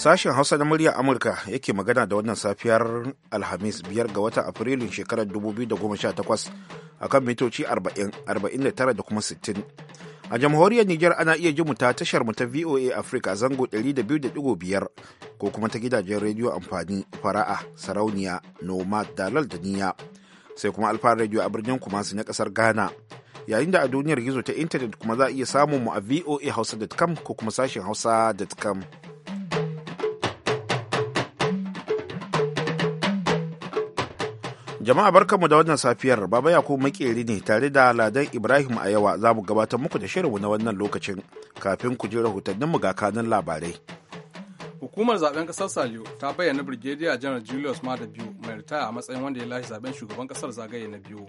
Sashen Hausa na muryar Amurka yake magana da wannan safiyar Alhamis biyar ga watan Afrilun shekarar 2018 a kan mitoci 49 da kuma 60. A jamhuriyar Nijar ana iya mu ta tashar mu ta VOA Africa zango 200.5 ko kuma ta gidajen rediyo amfani fara'a, sarauniya, nomad, dalal da niya. Sai kuma alfa rediyo a birnin Kumasi na kasar Ghana. Yayin da a duniyar gizo ta intanet kuma za a iya samun mu a voa voahausa.com ko kuma sashen hausa.com. Jama'a barkanmu da wannan safiyar Baba Yakubu makeri ne tare da Ladan Ibrahim a yawa za mu gabatar muku da shirinmu na wannan lokacin kafin ku ji rahotanninmu ga kanin labarai. Hukumar zaben kasar Saliyo ta bayyana Brigadier General Julius Mada biyu mai ritaya a matsayin wanda ya lashe zaben shugaban kasar zagaye na biyu.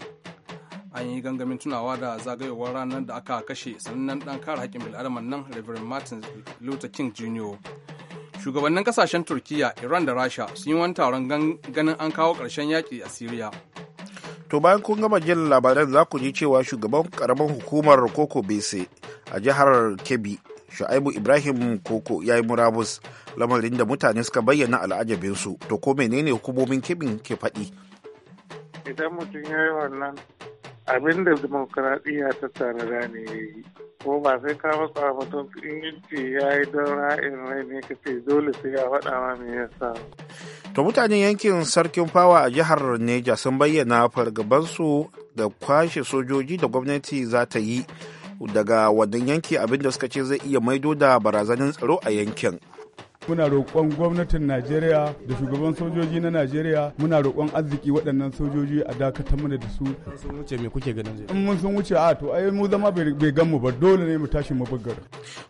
An yi gangamin tunawa da zagayowar ranar da aka kashe sanannen dan kare haƙƙin bil'adaman nan Reverend Martin Luther King Jr. shugabannin kasashen turkiyya iran da rasha sun yi wani taron ganin an kawo karshen yaƙi a syria. to bayan kun gama jin labaran za ku ji cewa shugaban karamin hukumar koko bese a jihar kebbi shu'aibu ibrahim koko ya yi murabus lamarin da mutane suka bayyana al'ajabinsu to ko menene hukumomin kebbi ke faɗi idan mutum ya yi wannan abin da demokuraɗiyya ta da ne ya yi ko ba sai ka matsa mutum in ya yi don ra'in rai ne ka ce dole sai ya faɗa ma me yasa. to mutanen yankin sarkin fawa a jihar neja sun bayyana fargabansu da kwashe sojoji da gwamnati za ta yi daga wannan yanki abinda suka ce zai iya maido da barazanin tsaro a yankin. muna roƙon gwamnatin najeriya da shugaban sojoji na najeriya muna roƙon arziki waɗannan sojoji a dakatar mana da su in mun sun wuce a to ai mu zama bai gan mu ba dole ne mu tashi mu bugar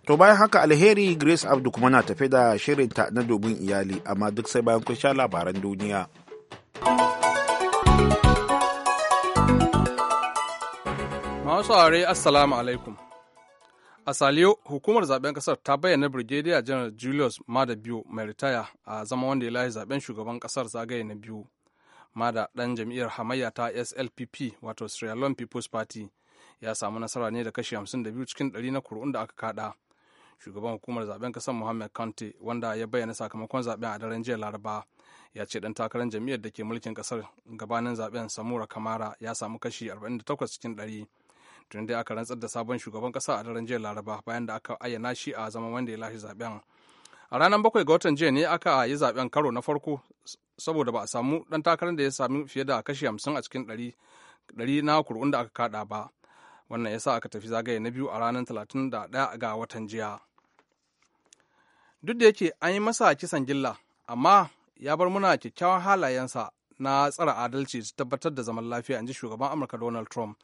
to bayan haka alheri grace abdu kuma na tafi da shirin ta na domin iyali amma duk sai bayan kun sha labaran duniya masu aure assalamu alaikum a saliyo hukumar zaben kasar ta bayyana brigadier general julius mada biyu mai ritaya a zama wanda ya layi zaben shugaban kasar zagaye na biyu mada dan jam'iyyar hamayya ta slpp wato sierra leone people's party ya samu nasara ne da kashi 52 cikin 100 na kuri'un da aka kada shugaban hukumar zaben kasar mohammed kante wanda ya bayyana sakamakon zaben a daren jiya laraba ya ce dan takarar jam'iyyar da ke mulkin kasar gabanin zaben samura kamara ya samu kashi 48 cikin 100 tun da aka rantsar da sabon shugaban kasa a daren jiya laraba bayan da aka ayyana shi a zaman wanda ya lashe zaben a ranar bakwai ga watan jiya ne aka yi zaben karo na farko saboda ba a samu dan takarar da ya sami fiye da kashi hamsin a cikin ɗari na kur'un da aka kada ba wannan yasa aka tafi zagaye na biyu a ranar talatin da ɗaya ga watan jiya duk da yake an yi masa kisan gilla amma ya bar muna kyakkyawan halayensa na tsara adalci su tabbatar da zaman lafiya in ji shugaban amurka donald trump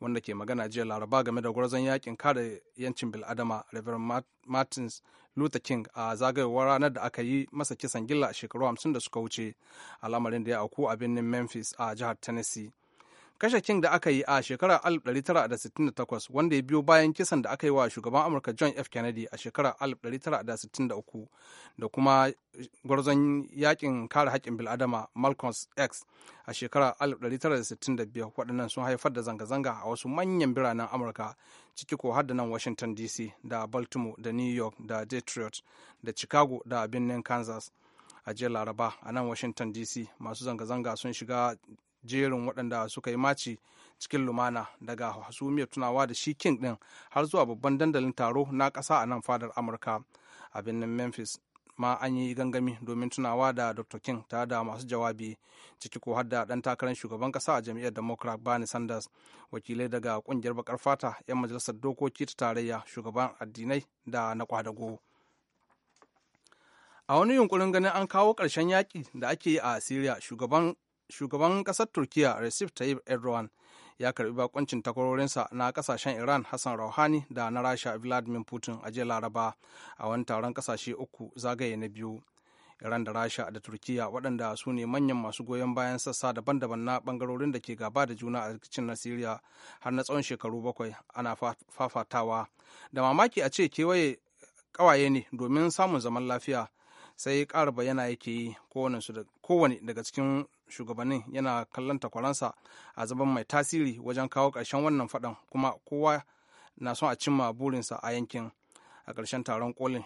wanda ke magana jiya laraba game da gwarzon yakin kare yancin biladama reverend martins luther king a zagayowar ranar da aka yi masa kisan gilla shekaru 50 da suka wuce lamarin da ya auku a birnin memphis a jihar tennessee kashakin da aka yi a shekarar 1968 wanda ya biyo bayan kisan da aka yi wa shugaban amurka john f kennedy a shekarar 1963 da kuma gwarzon yakin kare haƙƙin bil'adama malcolm x a shekarar 1965 waɗannan sun haifar da zanga-zanga a wasu manyan biranen amurka ciki ko har da nan washington dc da baltimore da new york da detroit da chicago da birnin kansas a jiya laraba a nan washington dc masu zanga-zanga sun shiga jerin waɗanda suka yi maci cikin lumana daga hasumiyar tunawa da shi king ɗin har zuwa babban dandalin taro na ƙasa a nan fadar amurka a birnin memphis ma an yi gangami domin tunawa da dr king tare da masu jawabi ciki ko har da ɗan takarar shugaban ƙasa a jam'iyyar democrat bernie sanders wakilai daga ƙungiyar bakar fata 'yan majalisar dokoki ta tarayya shugaban addinai da na kwadago. a wani yunkurin ganin an kawo ƙarshen yaƙi da ake yi a syria shugaban shugaban ƙasar turkiya recep tayyip erdogan ya karbi bakoncin takwarorinsa na kasashen iran hassan rouhani da na rasha vladimir putin a jiya laraba a wani taron kasashe uku zagaye na biyu iran da rasha da turkiya waɗanda su ne manyan masu goyon bayan sassa daban-daban na bangarorin da ke gaba da juna a rikicin nasiriya har na tsawon shekaru bakwai ana fafatawa da mamaki a ce kewaye ƙawaye ne domin samun zaman lafiya sai ƙara bayyana yake yi kowane daga cikin shugabannin yana kallon takwaransa a zaban mai tasiri wajen kawo ƙarshen wannan faɗan kuma kowa na son a cimma burinsa a yankin a ƙarshen taron kolin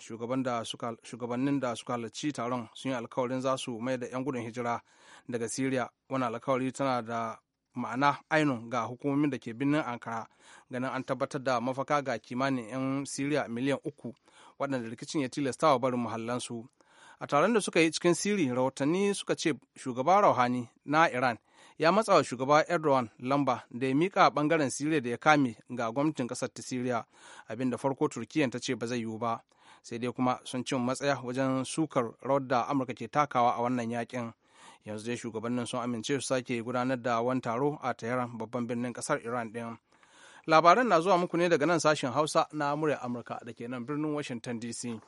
shugabannin da suka halarci taron sun yi alkawarin za su mai da 'yan gudun hijira daga siriya wani alkawari tana da ma'ana ainu ga hukumomin da ke birnin ankara ganin an tabbatar da mafaka ga kimanin 'yan siriya miliyan uku waɗanda rikicin ya tilasta wa barin muhallansu a taron da suka yi cikin sirri rahotanni suka ce shugaba rauhani na iran ya matsa wa shugaba erdogan lamba da ya mika bangaren siriya da ya kame ga gwamnatin kasar ta siriya abinda farko turkiya ta ce ba zai yiwu ba sai dai kuma sun cin matsaya wajen sukar rawar da amurka ke takawa a wannan yakin yanzu dai shugabannin sun amince su sake gudanar da wani taro a tehran babban birnin kasar iran din labaran na zuwa muku ne daga nan sashen hausa na murya amurka da ke nan birnin washington dc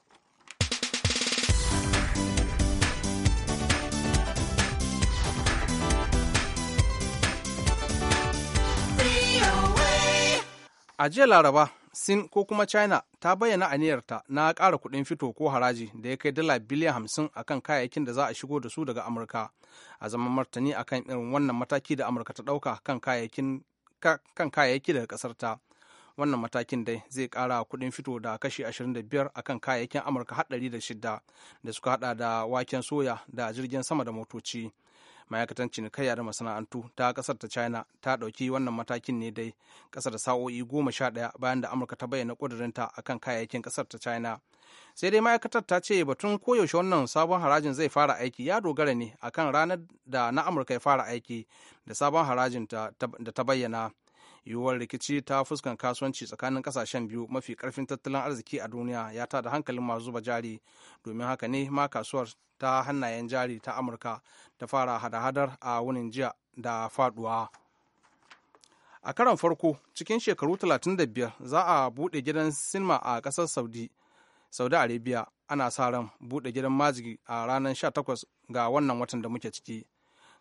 A jiya Laraba, Sin ko kuma China ta bayyana aniyarta na ƙara kuɗin fito ko haraji da ya kai dala biliyan hamsin a kan kayayyakin da za a shigo da su daga Amurka, a zaman martani a kan irin wannan mataki da Amurka ta ɗauka kan kayayyaki daga ƙasarta. wannan matakin dai zai kara kuɗin fito da kashi 25 a kan kayayyakin amurka haɗari da shida da suka hada da waken soya da jirgin sama da motoci ma'aikatan cinikayya da masana'antu ta kasar ta china ta ɗauki wannan matakin ne dai kasar sa'o'i goma sha ɗaya bayan da amurka ta bayyana ƙudurinta kan kayayyakin kasar ta china sai dai ma'aikatar ta ce batun koyaushe wannan sabon harajin zai fara aiki ya dogara ne akan ranar da na amurka ya fara aiki da sabon harajin da ta bayyana yiwuwar rikici ta fuskan kasuwanci tsakanin kasashen biyu mafi karfin tattalin arziki a duniya ya da hankalin masu zuba jari domin haka ne ma kasuwar ta hannayen jari ta amurka ta fara hada-hadar a wunin jiya da faduwa a karon farko cikin shekaru 35 za a buɗe gidan sinima a ƙasar saudi saudi arabia ana sa ran buɗe gidan majigi a ranar 18 ga wannan watan da muke ciki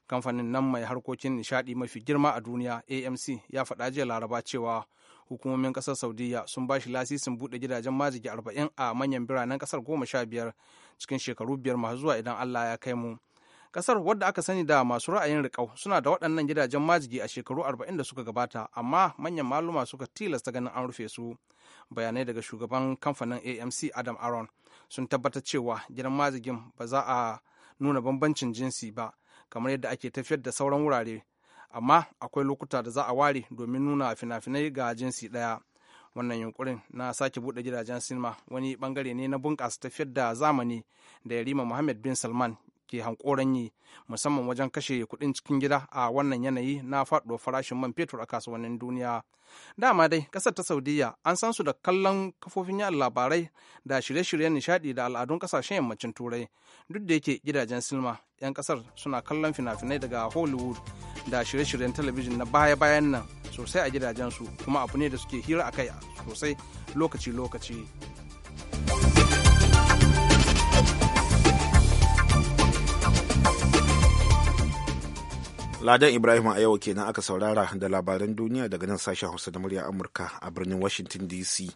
kamfanin nan mai harkokin nishadi mafi girma a duniya amc ya faɗa jiya laraba cewa hukumomin ƙasar saudiya sun ba shi lasisin buɗe gidajen majigi arba'in a manyan biranen ƙasar goma sha biyar cikin shekaru biyar masu zuwa idan allah ya kai mu ƙasar wadda aka sani da masu ra'ayin riƙau suna da waɗannan gidajen majigi a shekaru arba'in da suka gabata amma manyan maluma suka tilasta ganin an rufe su bayanai daga shugaban kamfanin amc adam aron sun tabbatar cewa gidan majigin ba za a nuna bambancin jinsi ba kamar yadda ake tafiyar da sauran wurare amma akwai lokuta da za a ware domin nuna fina-finai ga jinsi ɗaya wannan yunkurin na sake buɗe gidajen sinima wani bangare ne na bunƙasa tafiyar da zamani da yarima muhammad bin salman ke hankoran yi musamman wajen kashe kuɗin cikin gida a wannan yanayi na faɗuwar farashin man fetur a kasuwannin duniya dama dai ƙasar ta saudiya an san su da kallon kafofin yaɗa labarai da shirye-shiryen nishaɗi da al'adun ƙasashen yammacin turai duk da yake gidajen silma 'yan ƙasar suna kallon fina-finai daga hollywood da shirye-shiryen talabijin na baya-bayan nan sosai a gidajensu kuma abu ne da suke hira a kai sosai lokaci-lokaci. Ladan Ibrahim a yau kenan aka saurara da labaran duniya daga nan sashen Hausa da murya Amurka a birnin Washington DC.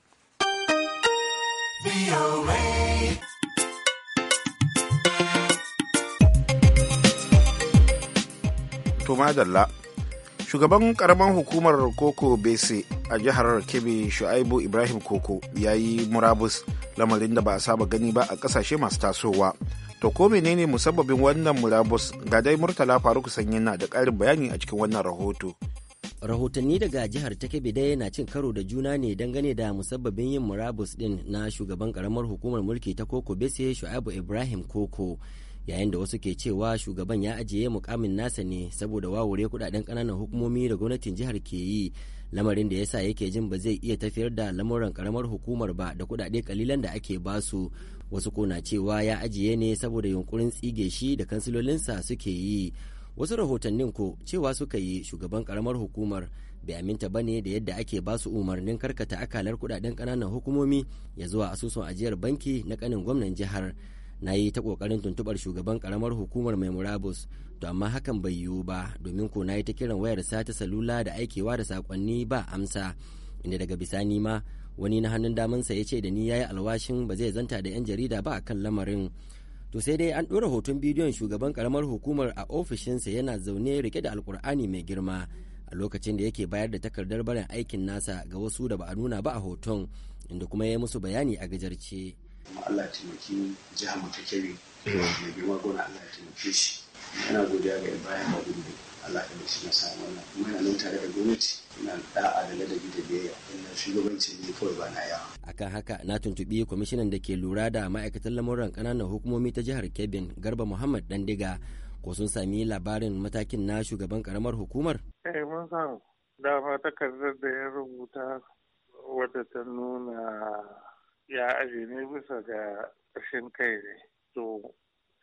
To shugaban karaman hukumar Koko Bese a jihar Kebbi Shu'aibu Ibrahim Koko ya yi murabus lamarin da ba a saba gani ba a kasashe masu tasowa. To ko menene musabbabin wannan murabus ga dai Murtala Faruk Sanyi na da ƙarin bayani a cikin wannan rahoto. Rahotanni daga jihar ta dai na cin karo da juna ne dangane da musabbabin yin murabus din na shugaban karamar hukumar mulki ta Koko Bese Shu'abu Ibrahim Koko. yayin da wasu ke cewa shugaban ya ajiye mukamin nasa ne saboda wawure kudaden kananan hukumomi da gwamnatin jihar ke yi lamarin da yasa yake jin ba zai iya tafiyar da lamuran karamar hukumar ba da kudade kalilan da ake basu wasu kona cewa ya ajiye ne saboda yunkurin tsige shi da kansilolinsa suke yi wasu rahotannin ko cewa suka yi shugaban karamar hukumar bai aminta ba ne da yadda ake ba su umarnin karkata akalar kudaden kananan hukumomi ya zuwa asusun ajiyar banki na kanin gwamnan jihar na yi ta kokarin tuntubar shugaban karamar hukumar mai murabus to amma hakan bai yiwu ba domin ko na yi ta kiran wayar sa ta salula da aikewa da sakonni ba amsa inda daga bisani ma wani na hannun damansa ya ce da ni ya yi alwashin ba zai zanta da 'yan jarida ba a kan lamarin to sai dai an ɗora hoton bidiyon shugaban karamar hukumar a ofishinsa yana zaune rike da alkur'ani mai girma a lokacin da yake bayar da takardar barin aikin nasa ga wasu da ba a nuna ba a hoton inda kuma ya yi musu bayani a gajarce Allah taimaki jihar mu ta kebe mm-hmm. mai girma gona Allah taimake shi yana godiya ga Allah da shi na wannan kuma tare da gwamnati yana da'a da ladabi da biyayya ina shugabanci ne kawai ba na yawa akan haka na tuntubi kwamishinan da ke lura da ma'aikatan lamuran kananan hukumomi ta jihar kebbin Garba Muhammad Dandiga ko sun sami labarin matakin na shugaban karamar hukumar eh mun san dama takardar da ya rubuta wadda ta nuna ya aje ne bisa ga ƙarshen kai ne to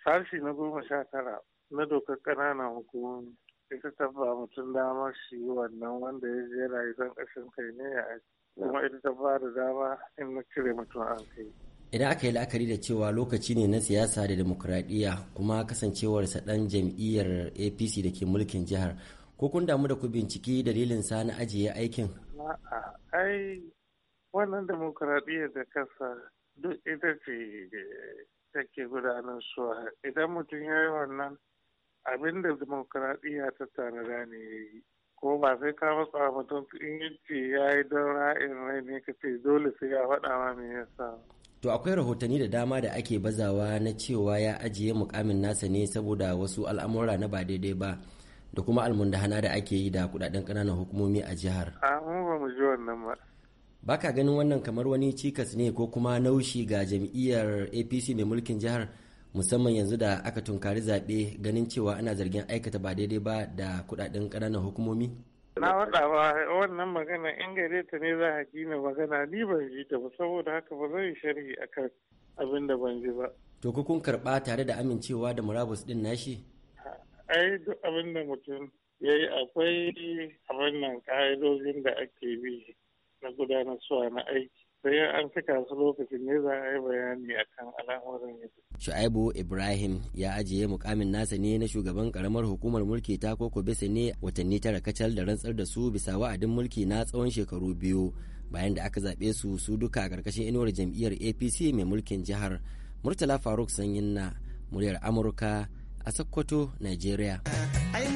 sashi na goma sha tara na dokar ƙananan hukumomi sai mutum dama shi wannan wanda ya je rayuwar ƙashin kai ne a kuma ita ta ba da dama in na cire mutum an kai. Idan aka yi la'akari da cewa lokaci ne na siyasa da demokuraɗiyya kuma kasancewarsa ɗan jam'iyyar APC da ke mulkin jihar ko kun damu da ku binciki dalilin sa na ajiye aikin? ai wannan demokuraɗiyya da kasa duk ita ce take gudanar suwa idan mutum ya yi wannan abin da dimokuraɗiyya ta da ne ya yi ko ba sai ka matsa mutum in yi ce ya yi don ra'in rai ne ka ce dole sai ya faɗa ma me yasa To akwai rahotanni da dama da ake bazawa na cewa ya ajiye mukamin nasa ne saboda wasu al'amura na ba daidai ba da kuma almundahana da ake yi da kudaden ƙananan hukumomi a jihar. A ba mu ji wannan ba. Baka ganin wannan kamar wani cikas ne ko kuma naushi ga jam'iyyar APC mai mulkin jihar musamman yanzu da aka tunkari zaɓe ganin cewa ana zargin aikata ba daidai ba da kuɗaɗen ƙananan hukumomi? Na waɗawa wannan magana in gare ta ne za a gina magana ni ban ji ta ba saboda haka ba zan sharhi akan abin da ban ji ba. To kun karɓa tare da amincewa da murabus ɗin nashi? Ai duk abin da mutum ya yi akwai abin nan ka'idojin da ake bi na gudanar suwa na aiki. sai an cika su lokacin ne za a yi bayani akan al'amuran yadda. Shu'aibu Ibrahim ya ajiye mukamin nasa ne na shugaban karamar hukumar mulki ta Koko bisa ne watanni tara kacal da rantsar da su bisa wa'adin mulki na tsawon shekaru biyu bayan da aka zaɓe su su duka a ƙarƙashin inuwar jam'iyyar APC mai mulkin jihar. Murtala Faruk Sanyin na muryar Amurka a Sokoto, Nigeria. Ai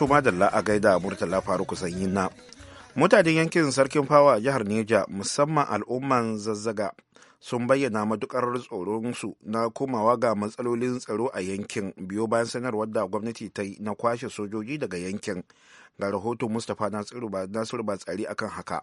To madalla a gaida Murtala Faruku na Mutanen yankin Sarkin Fawa a jihar Neja musamman al'umman zazzaga sun bayyana matukar tsoronsu na komawa ga matsalolin tsaro a yankin biyo bayan sanarwar da gwamnati ta yi na kwashe sojoji daga yankin ga rahoton Mustapha Nasiru Batsari akan haka.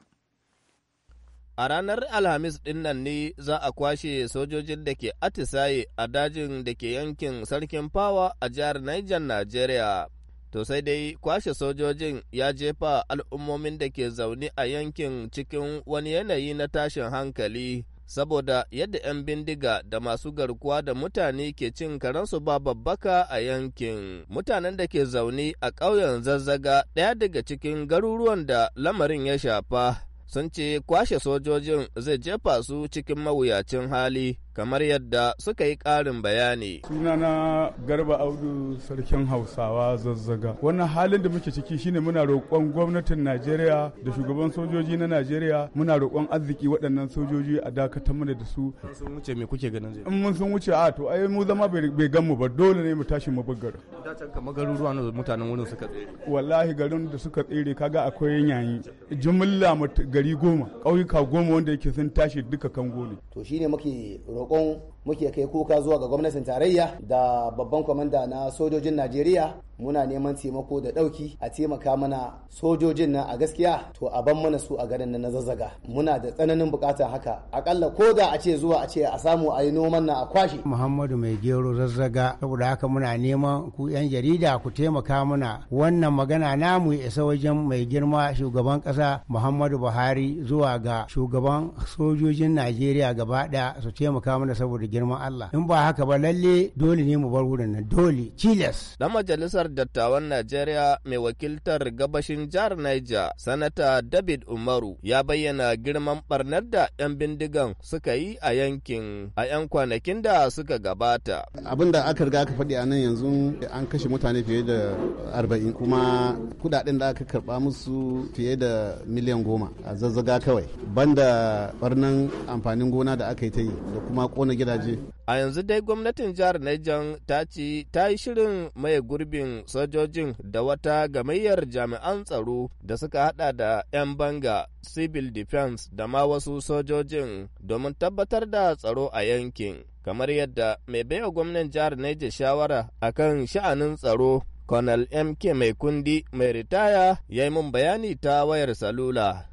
A ranar Alhamis din nan ne za a kwashe sojojin da ke atisaye a dajin da ke yankin Sarkin Fawa a jihar Niger, Najeriya. To sai dai kwashe sojojin ya jefa al'ummomin da ke zaune a yankin cikin wani yanayi na tashin hankali saboda yadda 'yan bindiga da masu garkuwa da mutane ke cin karansu ba babbaka a yankin. Mutanen da ke zaune a ƙauyen zazzaga ɗaya daga cikin garuruwan da lamarin ya shafa sun ce kwashe sojojin zai jefa su cikin mawuyacin hali. kamar yadda suka yi ƙarin bayani. Sunana Garba Audu Sarkin Hausawa zazzaga. Wannan halin da muke ciki shine muna roƙon gwamnatin Najeriya da shugaban sojoji na Najeriya muna roƙon arziki waɗannan sojoji a dakatar mana da su. Sun wuce me kuke ganin zai? In mun sun wuce a to ai mu zama bai gan mu ba dole ne mu tashi mu bugar. Da can kamar garuruwa na mutanen wurin suka tsere. Wallahi garin da suka tsere kaga akwai yanyi. Jumla gari goma ƙauyuka goma wanda yake sun tashi duka kango ne. To shine muke roƙon 工。muke kai kuka zuwa ga gwamnatin tarayya da babban kwamanda na sojojin najeriya muna neman taimako da ɗauki a taimaka mana sojojin na a gaskiya to a ban mana su a garin na zazzaga muna da tsananin bukata haka akalla ko da a ce zuwa a ce a samu a yi noman nan a kwashe muhammadu mai gero zazzaga saboda haka muna neman ku yan jarida ku taimaka mana wannan magana namu ya isa wajen mai girma shugaban kasa muhammadu buhari zuwa ga shugaban sojojin najeriya gaba ɗaya su taimaka mana saboda girman Allah in ba haka ba lalle dole ne mu bar wurin nan dole tilas dan majalisar dattawan Najeriya mai wakiltar gabashin jihar Niger sanata David Umaru ya bayyana girman barnar da yan bindigan suka yi a yankin a yan kwanakin da suka gabata abinda aka riga aka faɗi a nan yanzu an kashe mutane fiye da arba'in kuma kudaden da aka karba musu fiye da miliyan goma a zazzaga kawai banda barnan amfanin gona da aka yi ta yi da kuma kona gidaje je. A yanzu dai gwamnatin jihar Niger ta ce ta yi shirin mai gurbin sojojin da wata gamayyar jami'an tsaro da suka hada da 'yan banga, civil defense da ma wasu sojojin domin tabbatar da tsaro a yankin. Kamar yadda mai baiwa gwamnan jihar Niger shawara kan sha'anin tsaro Colonel MK mai kundi mai ritaya ya yi mun bayani ta wayar salula.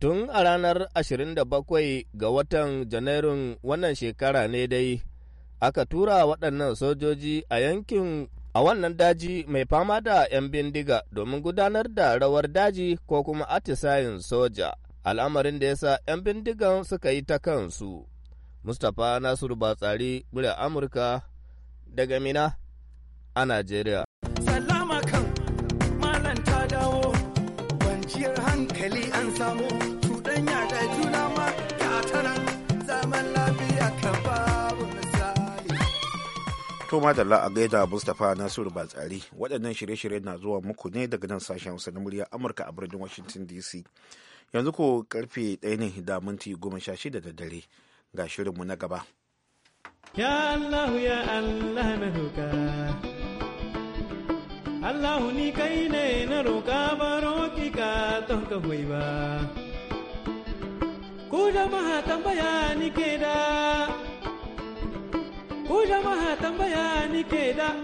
Tun a ranar 27 ga watan Janairun wannan shekara ne dai aka tura waɗannan sojoji a yankin a wannan daji mai fama da 'yan bindiga domin gudanar da rawar daji ko kuma atisayin soja al'amarin da ya sa 'yan bindigan suka yi ta kansu. Mustapha Nasiru Batsari, murya Amurka, daga Mina a Najeriya. To madalla a gaida Mustapha Nasiru Batsari waɗannan shirye-shirye na zuwa muku ne daga nan sashen Hausa na muryar Amurka a birnin Washington DC. Yanzu ko karfe ɗaya ne da minti goma sha shida da dare ga shirinmu na gaba. Ya Allah ya Allah na roka allahu ni kai ne na roka ba roki ka ton ka ba. Ku jama'a tambaya ni ke da. ku jama'a tambaya da.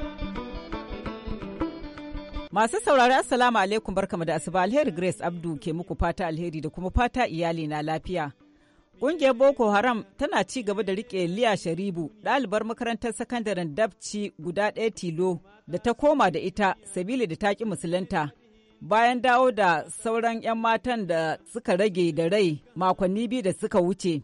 Masu saurari Assalamu alaikum barkamu da asuba alheri Grace Abdu ke muku fata alheri da kuma fata iyali na lafiya. Ƙungiyar Boko Haram tana ci gaba da riƙe Liya Sharibu, ɗalibar makarantar sakandaren Dabci guda ɗaya tilo da ta koma da ita sabili da taƙi musulunta. Bayan dawo da sauran 'yan matan da suka rage da rai makonni biyu da suka wuce,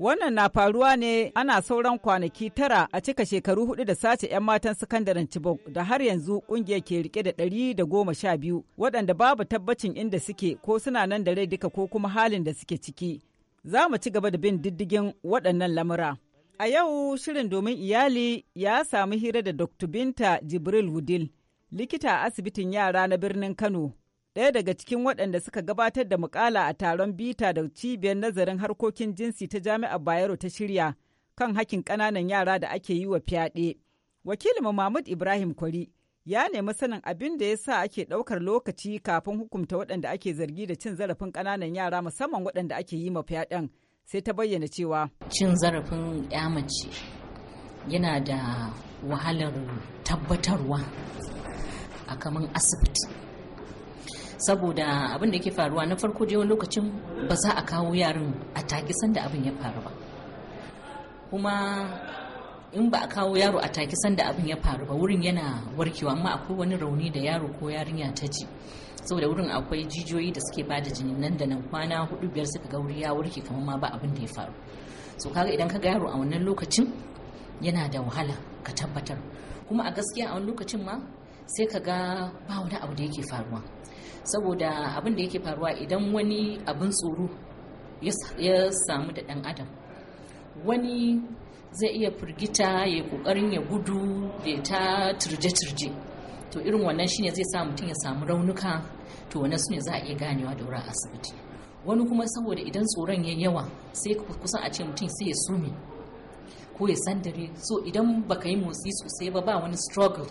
Wannan na faruwa ne ana sauran kwanaki tara a cika shekaru hudu da sace 'yan matan sakandaren Chibok da har yanzu kungiyar ke rike da ɗari da goma sha biyu waɗanda babu tabbacin inda suke ko suna nan da rai duka ko kuma halin da suke ciki. Za mu ci gaba da bin diddigin waɗannan lamura. A yau shirin domin iyali ya samu hira da Dr. Binta Jibril Wudil, likita a asibitin yara na birnin Kano. ɗaya daga cikin waɗanda suka gabatar da mukala a taron bita da cibiyar nazarin harkokin jinsi ta jami'ar bayero ta shirya kan hakkin ƙananan yara da ake yi wa fyaɗe wakilin mahmud ibrahim kwari ya nemi sanin abin da ya sa ake ɗaukar lokaci kafin hukumta waɗanda ake zargi da cin zarafin ƙananan yara musamman waɗanda ake yi ma fyaɗen sai ta bayyana cewa cin zarafin ya mace yana da wahalar tabbatarwa a kaman asibiti saboda abin da ke faruwa na farko dai wani lokacin ba za a kawo yaran a taki sanda abin ya faru ba kuma in ba a kawo yaro a taki sanda abin ya faru ba wurin yana warkewa amma akwai wani rauni da yaro ko yarinya ta ji saboda wurin akwai jijiyoyi da suke ba da jini nan da nan kwana hudu biyar suka ga wuri ya warke kamar ma ba abin da ya faru so kaga idan ka ga yaro a wannan lokacin yana da wahala ka tabbatar kuma a gaskiya a wani lokacin ma sai ka ga ba wani abu da yake faruwa saboda abin da yake faruwa idan wani abin tsoro ya samu da ɗan adam wani zai iya firgita ya kokarin ya gudu da ta turje-turje to irin wannan shine zai sa mutum ya samu raunuka to wannan su ne za a iya ganewa da wurin asibiti wani kuma saboda idan tsoron ya yawa sai kusan a ce mutum sai ya sume ko ya sandare so idan baka yi motsi sosai ba ba wani struggle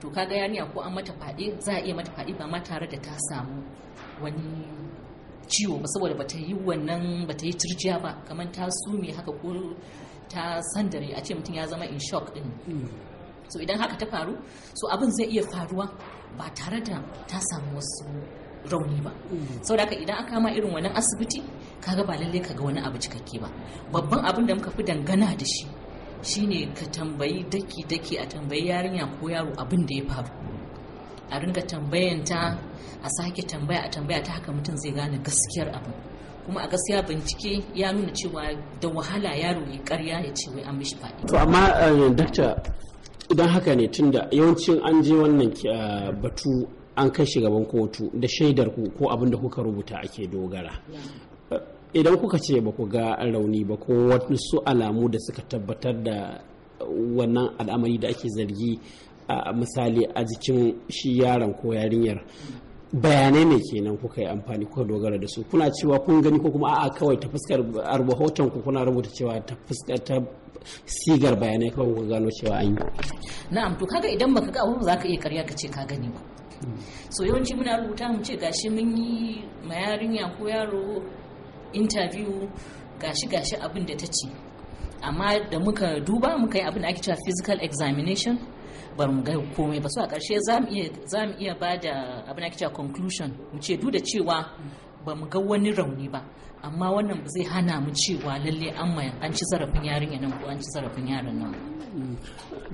to ka ga yarinya ko an mata faɗi za a iya mata faɗi ba ma tare da ta samu wani ciwo ba saboda bata yi wannan bata yi turjiya ba kamar ta sume haka ko ta sandare a ce mutum ya zama in shock din so idan haka ta faru so abin zai iya faruwa ba tare da ta samu wasu rauni ba saboda haka idan aka kama irin wannan asibiti kaga ba lallai kaga wani abu cikakke ba babban abin da muka fi dangana da shi shine ka tambayi daki-daki a tambayi yarinya ko yaro abin da ya faru a ringa tambayanta a sake tambaya a tambaya ta haka mutum zai gane gaskiyar abin kuma a gaskiya bincike ya nuna cewa da wahala yaro ya karya ya ce wai an mishi faɗi. to amma eh, dakta idan haka ne tunda yawancin an je wannan eh, batu an kai shi gaban kotu da shaidar ku ko abin da kuka rubuta ake dogara idan kuka ce ba ku ga rauni ba ko wasu alamu da suka tabbatar da wannan al'amari da ake zargi a misali a jikin shi yaron ko yarinyar bayanai ne kenan kuka yi amfani kuka dogara da su kuna cewa kun gani ko kuma a'a kawai ta fuskar rahoton ku kuna rubuta cewa ta fuskar ta sigar bayanai kawai kuka gano cewa an yi na'am to kaga idan baka ga abubuwa za ka iya karya ka ce ka gani ba hmm. so yawanci muna rubuta mu ce gashi mun yi ma yarinya ko yaro interview gashi gashi abin da ta ce amma da muka duba muka yi abin da ake cewa physical examination ba mu ga komai ba so a karshe za mu iya ba da abin da ake cewa conclusion mu ce duk da cewa ba mu ga wani rauni ba amma wannan ba zai hana mu cewa lalle an mayan an ci zarafin yarinya nan ko an ci zarafin yaran nan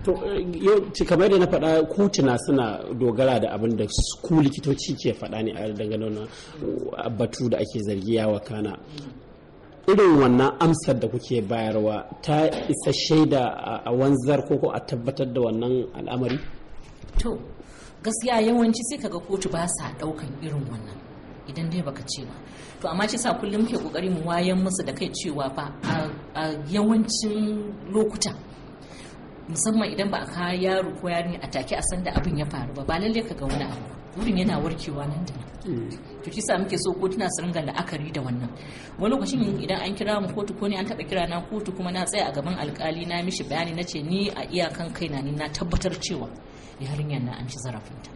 to kamar da na faɗa kotuna suna dogara da abin da ku likitoci ke faɗa ne a dangane batu da ake zargi yawa kana irin wannan amsar da kuke bayarwa ta isa shaida a wanzar ko a tabbatar da wannan al'amari to gaskiya yawanci sai kaga kotu ba sa ɗaukan irin wannan idan dai baka ce ba to amma shi sa kullum ke kokari mu wayan musu da kai cewa ba a yawancin lokuta musamman idan ba a ka yaro ko yari a take a san da abin ya faru ba ba lalle ka ga wani abu wurin yana warkewa nan da nan hmm. to shi sa muke so kotuna su ringa la'akari da wannan wani lokacin idan an kira mu kotu ko ne an taba kira na kotu kuma na tsaya a gaban alkali na mishi bayani na ce ni a iyakan kaina ni na tabbatar cewa yarinyar na an ci zarafinta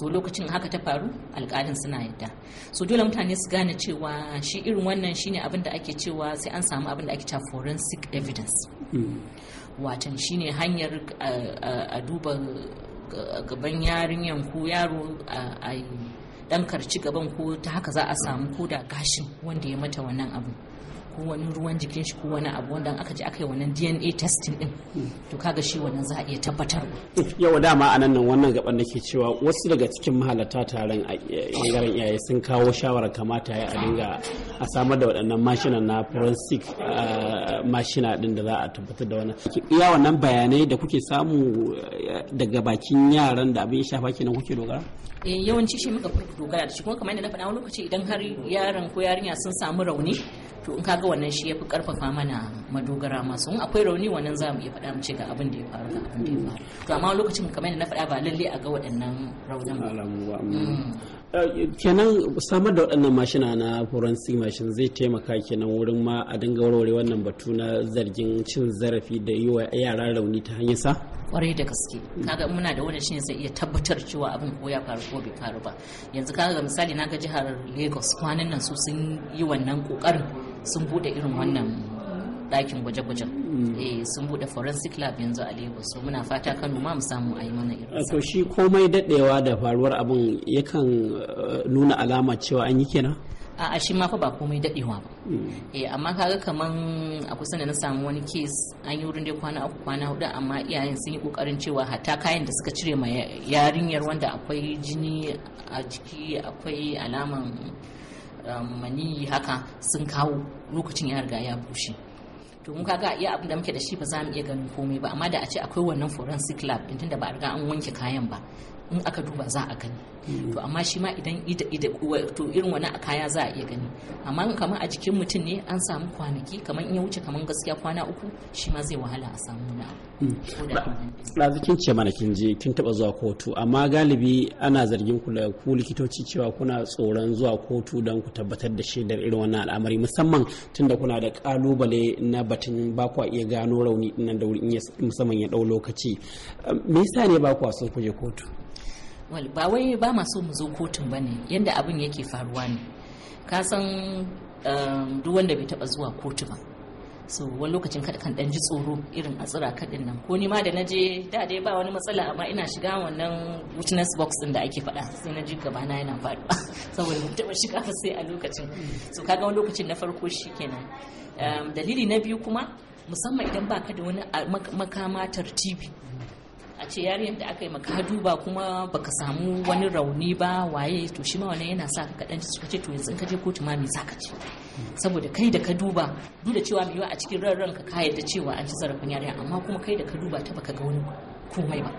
so lokacin haka ta faru alƙalin suna yadda so dole mutane su gane cewa shi irin wannan shine abin da ake cewa sai an samu abin da ake cewa forensic evidence hmm. watan shine hanyar a duba gaban yarinyan ko yaro a dan karci gaban ko ta haka za a samu ko da gashin wanda ya mata wannan abu ko wani ruwan jikin shi ko wani abu wanda aka je aka yi wannan DNA testing din to kaga shi wannan za a iya tabbatar yawa dama a nan wannan gaban nake cewa wasu daga cikin mahalarta taron a bangaren eh, iyaye sun kawo shawara kamata ya a dinga a samar da waɗannan mashina na forensic eh, mashina din da za a tabbatar da wannan iya wannan bayanai da kuke samu eh, daga bakin yaran da abin shafa kenan kuke dogara yawanci shi muka dogara da shi kuma kamar yadda na faɗa wani lokaci idan har yaron ko yarinya sun samu rauni to in kaga wannan shi ya fi karfafa mana madogara masu in akwai rauni wannan za mu iya faɗa mu ce ga abin da ya faru ga abin da ya faru to amma lokacin kamar na faɗa ba lalle a ga waɗannan raunin ba mm. eh, kenan samar da waɗannan mashina na forensic mashin zai taimaka kenan wurin ma a dinga warware wannan batu na zargin cin zarafi da yi wa yara rauni ta hanyar sa kwarai da gaske kaga muna da wani shine zai iya tabbatar cewa abin ko ya faru ko bai faru ba yanzu kaga misali na ga jihar lagos kwanan nan su sun yi wannan kokarin sun bude irin wannan mm. ɗakin gwaje-gwajen mm. eh sun bude forensic lab yanzu a Lagos so muna fata Kano ma mu samu a yi mana irin eh, to shi komai dadewa da faruwar abun yakan eh, nuna alama cewa an yi kenan a shi ma fa ba komai dadewa ba mm. eh amma kaga kaman a kusa da na samu wani case an yi wurin dai kwana uku kwana hudu amma iyayen sun yi kokarin cewa hatta kayan da suka cire ma yarinyar wanda akwai jini a jiki akwai alaman maniyi haka sun kawo lokacin ya riga ya bushe to mun kaga iya abin da muke da shi ba za mu iya ganin komai ba amma da a ce akwai wannan forensic lab din tunda ba a riga an wanke kayan ba in aka duba za a gani mm. to amma shi ma idan ida ida to irin wani kaya za a iya gani amma kamar a jikin mutum ne an samu kwanaki kamar in ya wuce kamar gaskiya kwana uku shi ma zai wahala a samu na abu mm. kin ce mana kin je kin taba zuwa kotu amma galibi ana zargin ku da ku likitoci cewa kuna tsoron zuwa kotu don ku tabbatar da shaidar irin wannan al'amari musamman tunda kuna da kalubale na batun ba iya gano rauni nan da wuri musamman ya dau lokaci me yasa ne ba kwa so ku je kotu wal ba wai ba ma so mu zo kotun ba ne yadda abin yake faruwa ne ka san um, duk wanda bai taba zuwa kotu ba so wani lokacin kada kan dan ji tsoro irin a tsira kadin nan ko ni ma da je da dai ba wani matsala amma ina shiga wannan witness box din da ake faɗa sai na ji gaba na yana faɗuwa saboda mun taba shiga ba sai a lokacin so kaga wani lokacin na farko shikenan um, dalili na biyu kuma musamman idan baka da wani makama tartibi a ce yariyar da aka yi maka ka duba kuma baka samu wani rauni ba waye to shi ma yana sa ka kaɗan suka ce to yanzu ka je kotu ma me za ka ce saboda kai da ka duba duk da cewa yiwa a cikin ran ranka ka yarda cewa an ci zarafin yariyar amma kuma kai da ka duba ta baka ga wani komai ba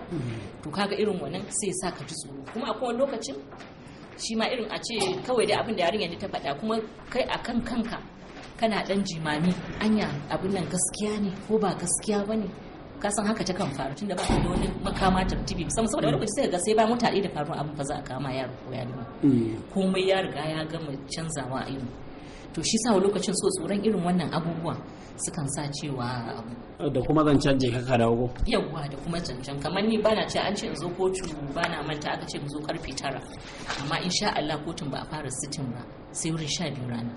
to kaga irin wannan sai ya sa ka ji tsoro kuma akwai wani lokacin shi ma irin a ce kawai da abin da yarinyar ta faɗa kuma kai a kan kanka kana dan jimami anya abin nan gaskiya ne ko ba gaskiya ba ne ka san haka ta kan faru tunda ba da wani makama ta tibi musamman saboda wani lokaci sai ga sai ba mutane da faruwar abin fa za a kama yaro ko yarinya mm. komai ya riga ya gama canzawa a irin to shi sa lokacin so tsoron irin wannan abubuwa sukan sa cewa da kuma zancen je ka dawo yawwa da kuma cancan kamar ni bana ce an ce in zo kotu bana manta aka ce mu zo karfe tara amma insha Allah kotun ba a fara sitin ba sai wurin sha biyu rana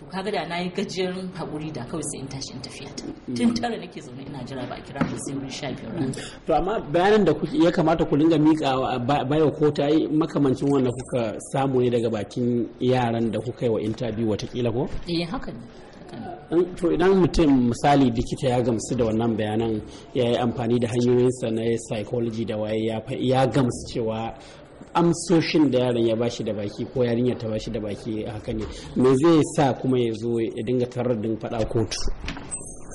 to kaga da na yi gajiyar hakuri da kawai sai in tashi in tafiya ta mm. tun tara nake zaune ina jira ba a kira da sai wurin sha biyar mm. to amma bayanan da ya kamata ku dinga mika bayo ko ta yi makamancin wanda kuka samu ne daga bakin yaran da kuka yi wa interview watakila ko eh haka ne mm, to idan mutum misali likita ya gamsu da wannan bayanan ya yi amfani da hanyoyinsa na psychology da waye ya gamsu cewa amsoshin da yaron ya bashi da baki ko yarinyar ta bashi da baki haka ne me zai sa kuma ya zo ya dinga tarar din faɗa kotu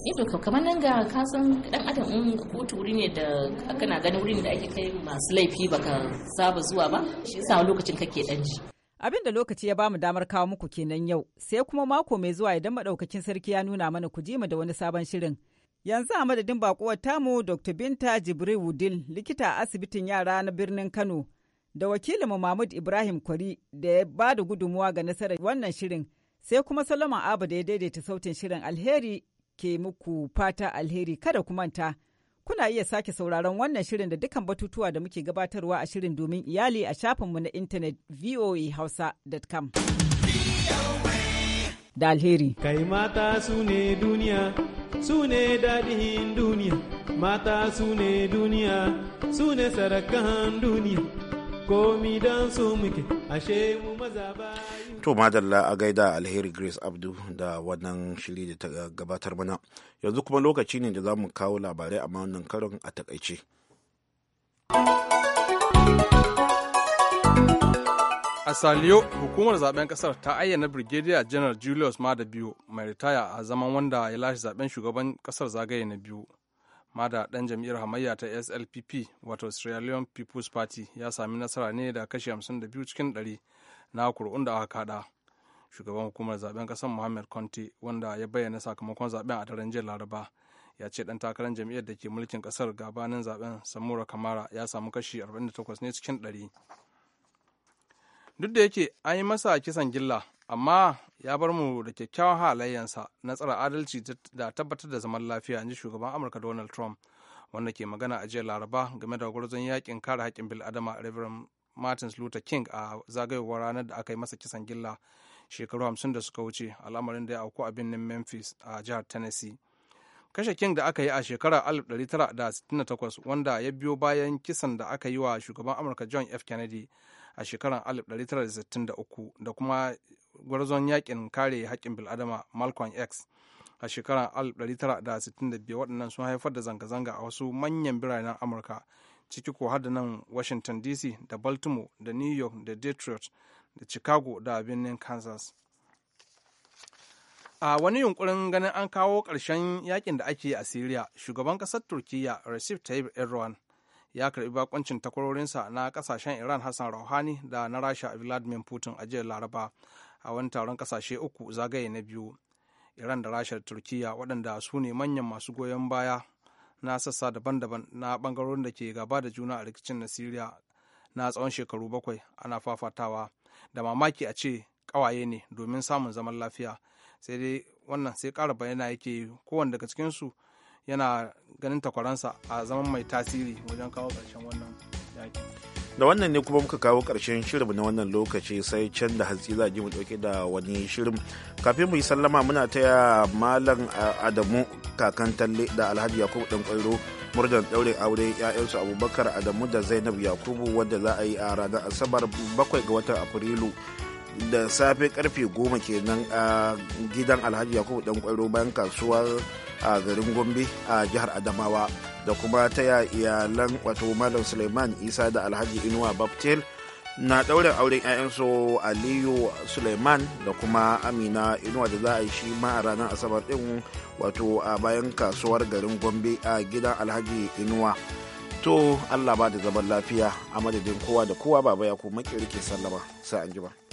ido eh kamar nan ga kasan dan adam in kotu wuri ne da aka na ganin wurin da ake kai masu laifi baka saba zuwa ba shi yasa lokacin kake dan ji abin da lokaci ya ba mu damar kawo muku kenan yau sai kuma mako mai zuwa idan madaukakin sarki ya nuna mana ku ji mu da wani sabon shirin yanzu a madadin bakuwar tamu dr binta jibril wudil likita a asibitin yara na birnin kano da wakilinmu Mahmud Ibrahim Kwari da ya ba da gudunmuwa ga nasarar wannan shirin sai kuma Solomon Abu da ya daidaita sautin shirin alheri ke muku fata alheri kada ku manta. Kuna iya sake sauraron wannan shirin da dukkan batutuwa da muke gabatarwa a shirin domin iyali a shafinmu na intanet voahausa.com. Da alheri. Kai mata su ne duniya, su ne duniya, mata su ne duniya, su ne sarakan duniya. komi su muke ashe mu maza ba to madalla a gaida alheri grace abdu da wannan shiri da ta gabatar mana yanzu kuma lokaci ne da za mu kawo labarai a wannan karon a takaice a saliyo hukumar zaben kasar ta ayyana brigadier general julius mada biyu mai ritaya a zaman wanda ya lashe zaben shugaban kasar zagaye na biyu mada dan jam'iyyar hamayya ta slpp wato sierra leone people's party ya sami nasara ne da kashi 52 cikin 100 na kur'un da aka kada shugaban hukumar zaben kasar mohammed conte wanda ya bayyana sakamakon zaben a daren jiya laraba ya ce dan takarar jam'iyyar da ke mulkin kasar gabanin zaben samura kamara ya samu kashi 48 ne cikin 100 duk da yake an yi masa kisan gilla amma ya bar mu da kyakkyawan halayensa na tsara adalci da tabbatar da zaman lafiya in ji shugaban amurka donald trump wanda ke magana a jiya laraba game da gwarzon yakin kare haƙƙin bil'adama reverend martin luther king a zagayowar ranar da aka yi masa kisan gilla shekaru hamsin da suka wuce al'amarin da ya auku a birnin memphis a jihar tennessee kashe king da aka yi a shekarar 1968 wanda ya biyo bayan kisan da aka yi wa shugaban amurka john f kennedy a shekarar 1963 da kuma gwarzon yakin kare haƙƙin bil'adama malcolm x a shekarar 1965 waɗannan sun haifar da zanga-zanga a wasu manyan biranen amurka ciki ko har da nan washington dc da baltimore da new york da detroit da chicago da birnin kansas a wani yunkurin ganin an kawo ƙarshen yakin da ake a syria shugaban ƙasar turkiyya recep tayyip erdogan ya karbi bakoncin takwarorinsa na kasashen iran hassan rouhani da na rasha vladimir putin a jiya laraba a wani taron kasashe uku zagaye na biyu iran da rasha da turkiya waɗanda su ne manyan masu goyon baya na sassa daban-daban na bangarorin da ke gaba da juna a rikicin na siriya na tsawon shekaru bakwai ana fafatawa da mamaki a ce kawaye ne domin samun zaman lafiya sai dai wannan sai ƙara bayyana yake kowanne daga cikinsu yana ganin takwaransa a zaman mai tasiri wajen kawo ƙarshen wannan yaki da wannan ne kuma muka kawo ƙarshen shirin na wannan lokaci sai can da hatsi za mu ɗauke da wani shirin kafin mu yi sallama muna taya malam adamu kakan talle da alhaji yakubu dan kwairo murdan ɗaurin aure 'ya'yansu abubakar adamu da zainab yakubu wadda za a yi a ranar asabar bakwai ga watan afrilu da safe karfe goma kenan a gidan alhaji yakubu dan kwairo bayan kasuwar a garin gombe a jihar adamawa da kuma taya iyalan wato malam suleiman isa da alhaji inuwa babtel na ɗaurin auren 'ya'yansu aliyu suleiman da kuma amina inuwa da za a yi shi ma a ranar asabar ɗin wato a bayan kasuwar garin gombe a gidan alhaji inuwa to allah ba da zaman lafiya a madadin kowa da kowa baba ya kuma ke sallama sai an ba